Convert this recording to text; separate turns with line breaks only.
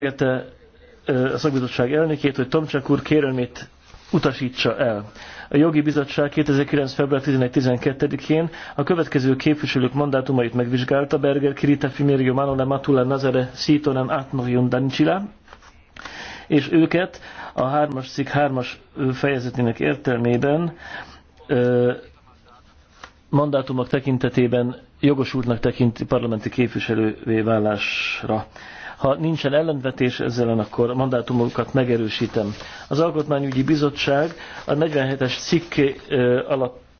kérte a szakbizottság elnökét, hogy Tomcsak úr kérelmét utasítsa el. A jogi bizottság 2009. február 11-12-én a következő képviselők mandátumait megvizsgálta Berger, Kirita, Fimério, Manole, Matula, Nazare, Szítonen, Átmarion, Dancsila, és őket a hármas cikk hármas fejezetének értelmében mandátumok tekintetében jogosultnak tekinti parlamenti képviselővé válásra. Ha nincsen ellenvetés ezzel, akkor a mandátumokat megerősítem. Az Alkotmányügyi Bizottság a
47-es cikk alap